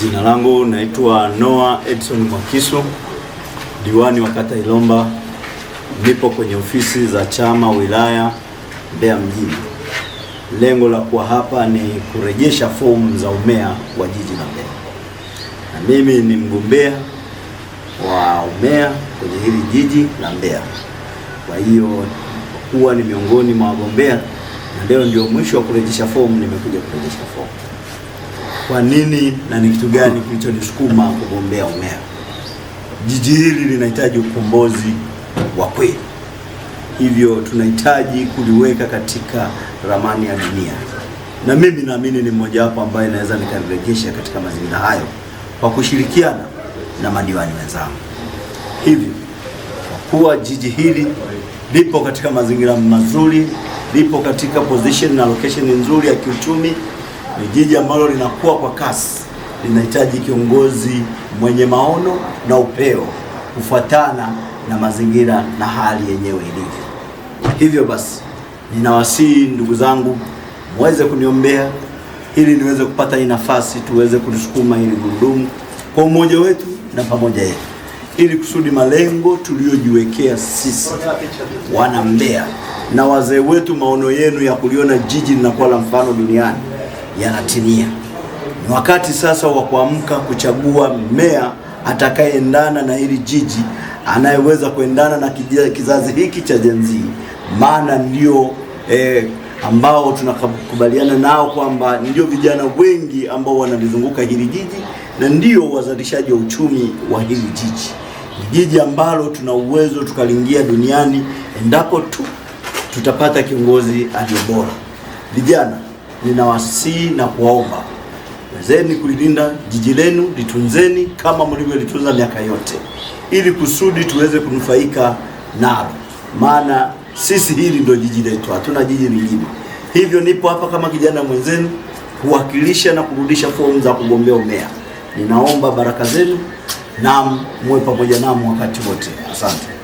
Jina langu naitwa Noah Edson Mwakisu, diwani wa kata Ilomba. Nipo kwenye ofisi za chama wilaya Mbeya mjini. Lengo la kuwa hapa ni kurejesha fomu za umea wa jiji la Mbeya, na mimi ni mgombea wa umea kwenye hili jiji la Mbeya. Kwa hiyo kuwa ni miongoni mwa wagombea, na leo ndio mwisho wa kurejesha fomu, nimekuja kurejesha fomu kwa nini na ni kitu gani kilichonisukuma kugombea umeya. Jiji hili linahitaji ukombozi wa kweli, hivyo tunahitaji kuliweka katika ramani ya dunia, na mimi naamini ni mmoja wapo ambaye naweza nikarejesha katika mazingira hayo kwa kushirikiana na madiwani wenzangu. Hivyo kwa kuwa jiji hili lipo katika mazingira mazuri, lipo katika position na location nzuri ya kiuchumi ni jiji ambalo linakuwa kwa kasi, linahitaji kiongozi mwenye maono na upeo kufuatana na mazingira na hali yenyewe ilivyo. Hivyo basi, ninawasihi ndugu zangu, muweze kuniombea ili niweze kupata hii nafasi, tuweze kulisukuma hili gurudumu kwa umoja wetu na pamoja yetu, ili kusudi malengo tuliyojiwekea sisi wana Mbeya na wazee wetu, maono yenu ya kuliona jiji linakuwa la mfano duniani yanatimia. Ni wakati sasa wa kuamka, kuchagua mmea atakayeendana na hili jiji, anayeweza kuendana na kizazi hiki cha Gen Z, maana ndio eh, ambao tunakubaliana nao kwamba ndio vijana wengi ambao wanalizunguka hili jiji na ndio wazalishaji wa uchumi wa hili jiji. Ni jiji ambalo tuna uwezo tukalingia duniani endapo tu tutapata kiongozi aliye bora. Vijana ninawasihi na kuwaomba wezeni kulilinda jiji lenu, litunzeni kama mlivyolitunza miaka yote, ili kusudi tuweze kunufaika nalo, maana sisi hili ndio jiji letu, hatuna jiji lingine. Hivyo nipo hapa kama kijana mwenzenu kuwakilisha na kurudisha fomu za kugombea umea. Ninaomba baraka zenu na muwe pamoja nami wakati wote. Asante.